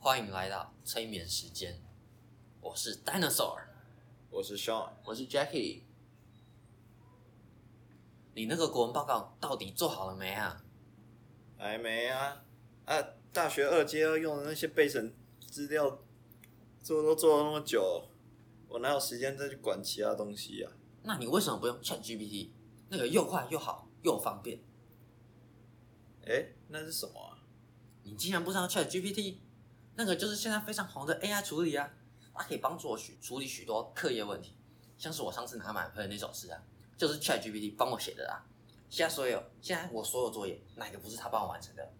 歡迎來到催眠時間，我是 Dinosaur，我是 Shawn，我是 Jackie。你那個國文報告到底做好了沒啊？還沒啊！啊，大學二階要用的那些備審資料做，做都做了那麼久，我哪有時間再去管其他東西啊？那你為什麼不用 ChatGPT？那個又快又好又方便。哎，那是什麼啊？你竟然不知道 ChatGPT？那個就是現在非常紅的 AI 處理啊，它可以幫助我去處理許多課業問題，像是我上次拿滿分的那首詩啊，就是 Chat GPT 幫我寫的啊。現在所有，現在我所有作業哪個不是他幫我完成的？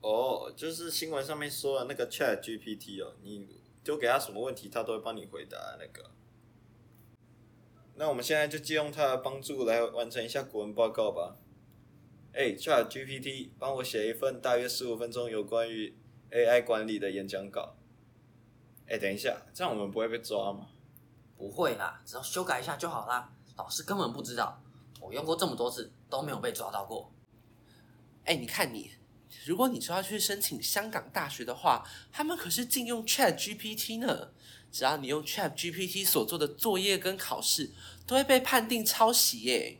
哦，就是新聞上面說的那個 Chat GPT 哦，你就給他什麼問題，他都會幫你回答、啊、那個。那我們現在就借用他的幫助來完成一下國文報告吧。哎、欸、，Chat GPT，幫我寫一份大約十五分鐘有關於。A I 管理的演講稿，哎，等一下，這樣我們不會被抓嗎？不會啦，只要修改一下就好啦。老師根本不知道，我用過這麼多次都沒有被抓到過。哎、欸，你看你，如果你說要去申請香港大學的話，他們可是禁用 Chat GPT 呢。只要你用 Chat GPT 所做的作業跟考試，都會被判定抄襲耶。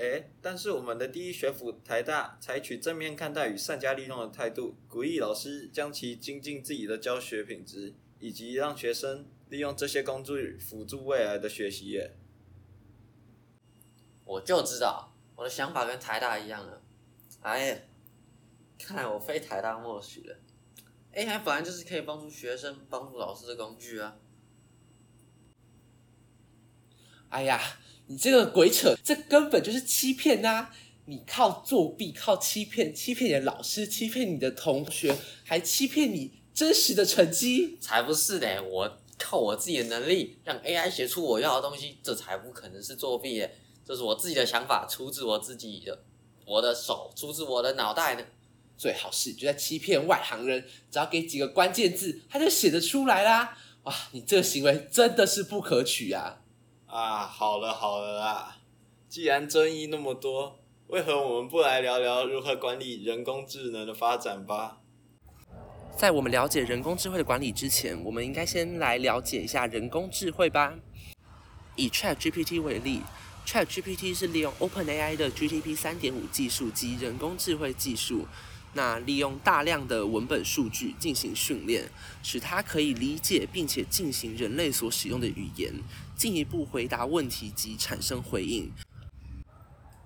哎，但是我們的第一學府台大採取正面看待與善加利用的態度，鼓勵老師將其精進自己的教學品質，以及讓學生利用這些工具輔助未來的學習耶。我就知道，我的想法跟台大一樣了。哎呀，看來我非台大莫屬了。AI，哎，本來就是可以幫助學生、幫助老師的工具啊。哎呀。你這個鬼扯，這根本就是欺騙吶、啊！你靠作弊、靠欺騙，欺騙你的老師，欺騙你的同學，還欺騙你真實的成績，才不是呢！我靠我自己的能力，讓 AI 寫出我要的東西，這才不可能是作弊耶！這是我自己的想法，出自我自己的我的手，出自我的腦袋呢。最好是你就在欺騙外行人，只要給幾個關鍵字，他就寫得出來啦！哇，你這個行為真的是不可取啊！啊，好了好了啊，既然爭議那麼多，為何我們不來聊聊如何管理人工智能的發展吧？在我們了解人工智慧的管理之前，我們應該先來了解一下人工智慧吧。以 Chat GPT 為例，Chat GPT 是利用 OpenAI 的 GPT 三點五技術及人工智慧技術，那利用大量的文本數據進行訓練，使它可以理解並且進行人類所使用的語言。進一步回答問題及產生回應，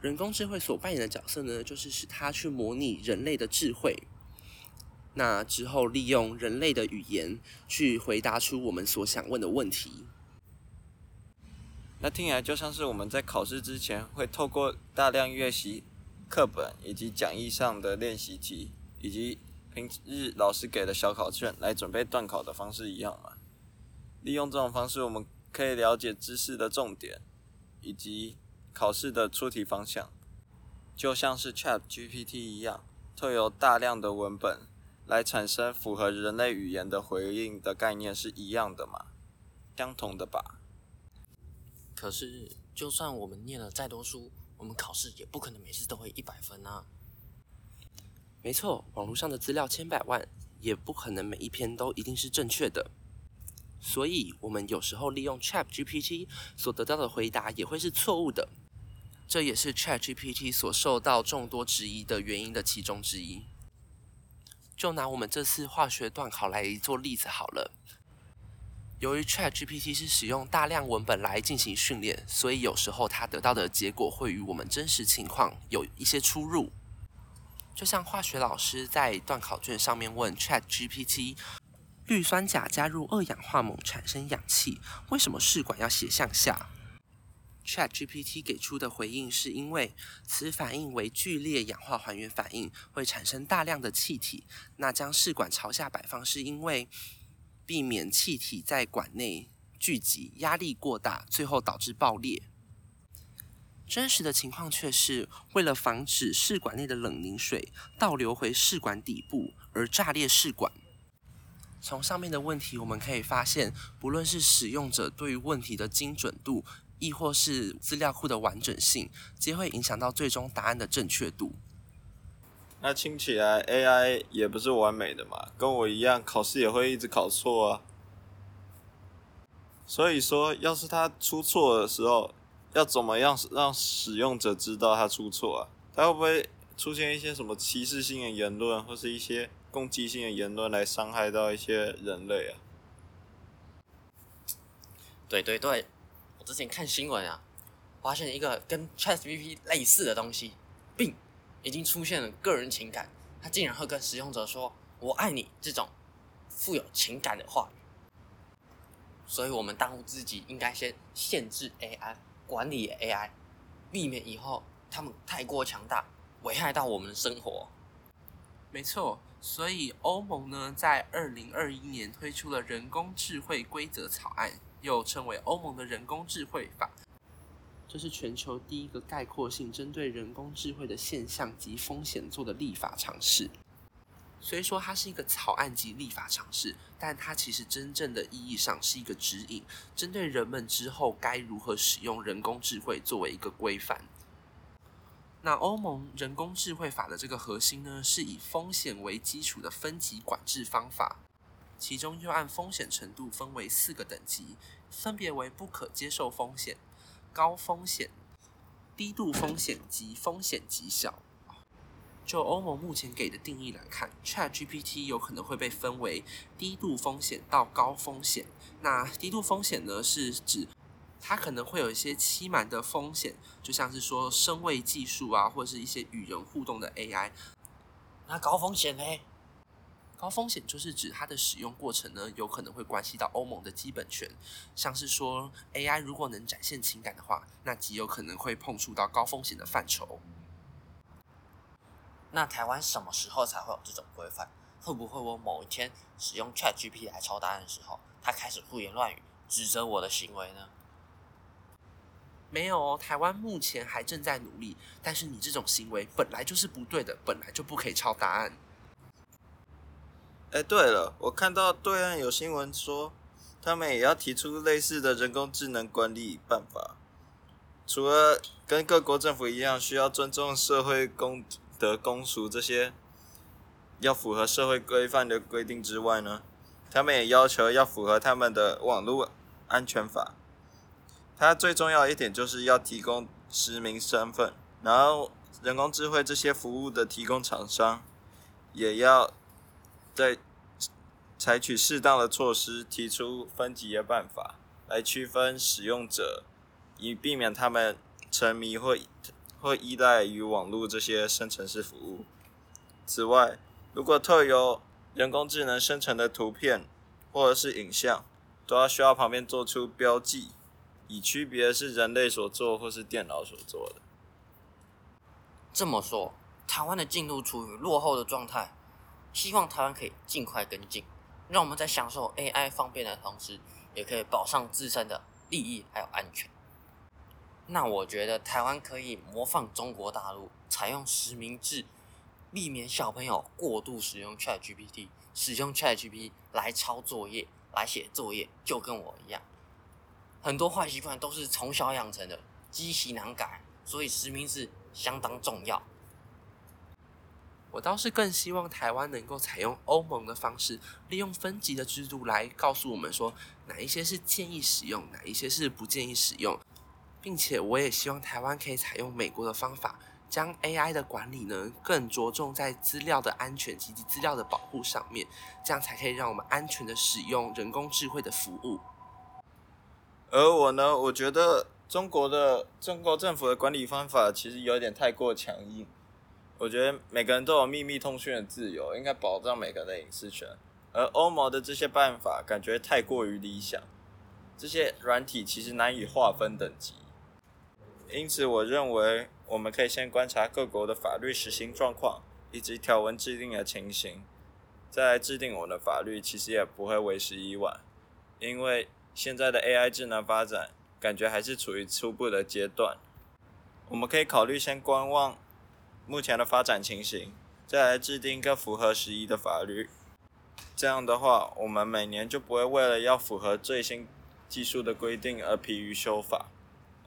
人工智慧所扮演的角色呢，就是使它去模擬人類的智慧，那之後利用人類的語言去回答出我們所想問的問題。那聽起來就像是我們在考試之前會透過大量預習課本以及講義上的練習題，以及平日老師給的小考卷來準備段考的方式一樣嘛？利用這種方式，我們。可以了解知識的重點，以及考試的出題方向，就像是 ChatGPT 一樣，透過大量的文本來產生符合人類語言的回應的概念是一樣的嘛，相同的吧？可是，就算我們念了再多書，我們考試也不可能每次都會一百分啊。沒錯，網絡上的資料千百萬，也不可能每一篇都一定是正確的。所以，我們有時候利用 ChatGPT 所得到的回答也會是錯誤的，這也是 ChatGPT 所受到眾多質疑的原因的其中之一。就拿我們這次化學段考來做例子好了。由於 ChatGPT 是使用大量文本來進行訓練，所以有時候它得到的結果會與我們真實情況有一些出入。就像化學老師在段考卷上面問 ChatGPT。氯酸鉀加入二氧化錳產生氧氣，為什麼試管要斜向下？ChatGPT 給出的回應是因為此反應為劇烈氧化還原反應，會產生大量的氣體。那將試管朝下擺放是因為避免氣體在管內聚集，壓力過大，最後導致爆裂。真實的情況卻是為了防止試管內的冷凝水倒流回試管底部而炸裂試管。從上面的問題，我們可以發現，不論是使用者對於問題的精準度，亦或是資料庫的完整性，皆會影響到最終答案的正確度。那聽起來 AI 也不是完美的嘛，跟我一樣，考試也會一直考錯啊。所以說，要是它出錯的時候，要怎麼樣讓使用者知道它出錯啊？它會不會出現一些什麼歧視性的言論，或是一些。攻擊性的言論來傷害到一些人類啊！對對對，我之前看新聞啊，發現一個跟 ChatGPT 類似的東西，並已經出現了個人情感，它竟然會跟使用者說“我愛你”這種富有情感的話語。所以我們當務之急應該先限制 AI，管理 AI，避免以後他們太過強大，危害到我們的生活。沒錯。所以，歐盟呢在二零二一年推出了人工智慧規則草案，又稱為歐盟的人工智慧法，這是全球第一個概括性針對人工智慧的現象及風險做的立法嘗試。雖說，它是一個草案及立法嘗試，但它其實真正的意義上是一個指引，針對人們之後該如何使用人工智慧作為一個規範。那歐盟人工智慧法的這個核心呢，是以風險為基礎的分級管制方法，其中又按風險程度分為四個等級，分別為不可接受風險、高風險、低度風險及風險極小。就歐盟目前給的定義來看，ChatGPT 有可能會被分為低度風險到高風險。那低度風險呢，是指。它可能會有一些欺瞞的風險，就像是說深偽技術啊，或者是一些與人互動的 AI，那高風險嘞？高風險就是指它的使用過程呢，有可能會關係到歐盟的基本權，像是說 AI 如果能展現情感的話，那極有可能會碰觸到高風險的範疇。那台灣什麼時候才會有這種規範？會不會我某一天使用 ChatGPT 來抄答案的時候，它開始胡言亂語，指責我的行為呢？沒有哦，台灣目前還正在努力。但是你這種行為本來就是不對的，本來就不可以抄答案。誒，對了，我看到對岸有新聞說，他們也要提出類似的人工智能管理辦法。除了跟各國政府一樣需要尊重社會公德、公俗這些，要符合社會規範的規定之外呢，他們也要求要符合他們的網絡安全法。它最重要的一點就是要提供實名身份，然後人工智慧這些服務的提供廠商，也要在採取適當的措施，提出分級的辦法，來區分使用者，以避免他們沉迷或或依賴於網絡這些生成式服務。此外，如果特有人工智能生成的圖片或者是影像，都要需要旁邊做出標記。以區別是人類所做或是電腦所做的。這麼說，台灣的進度處於落後的狀態，希望台灣可以儘快跟進，讓我們在享受 AI 方便的同時，也可以保障自身的利益還有安全。那我覺得台灣可以模仿中國大陸，採用實名制，避免小朋友過度使用 ChatGPT，使用 ChatGPT 來抄作業、來寫作業，就跟我一樣。很多壞習慣都是從小養成的，積習難改，所以實名制相當重要。我倒是更希望台灣能夠採用歐盟的方式，利用分級的制度來告訴我們說，哪一些是建議使用，哪一些是不建議使用，並且我也希望台灣可以採用美國的方法，將 AI 的管理呢更着重在資料的安全及其資料的保護上面，這樣才可以讓我們安全地使用人工智慧的服務。而我呢，我覺得中國的中國政府的管理方法其實有點太過強硬。我覺得每個人都有秘密通訊的自由，應該保障每個人的隱私權。而歐盟的這些辦法感覺太過於理想，這些軟體其實難以劃分等級。因此，我認為我們可以先觀察各國的法律實行狀況以及條文制定的情形，再制定我們的法律，其實也不會為時已晚，因為。現在的 AI 智能發展，感覺還是處於初步的階段。我們可以考慮先觀望目前的發展情形，再來制定一個符合時宜的法律。這樣的話，我們每年就不會為了要符合最新技術的規定而疲於修法，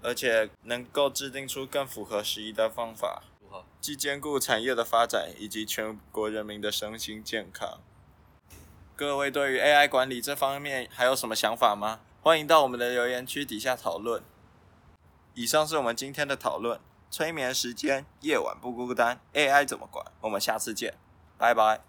而且能夠制定出更符合時宜的方法，既兼顧產業的發展以及全國人民的身心健康。各位對於 AI 管理這方面還有什麼想法嗎？歡迎到我們的留言區底下討論。以上是我們今天的討論，催眠時間，夜晚不孤單，AI 怎麼管？我們下次見，拜拜。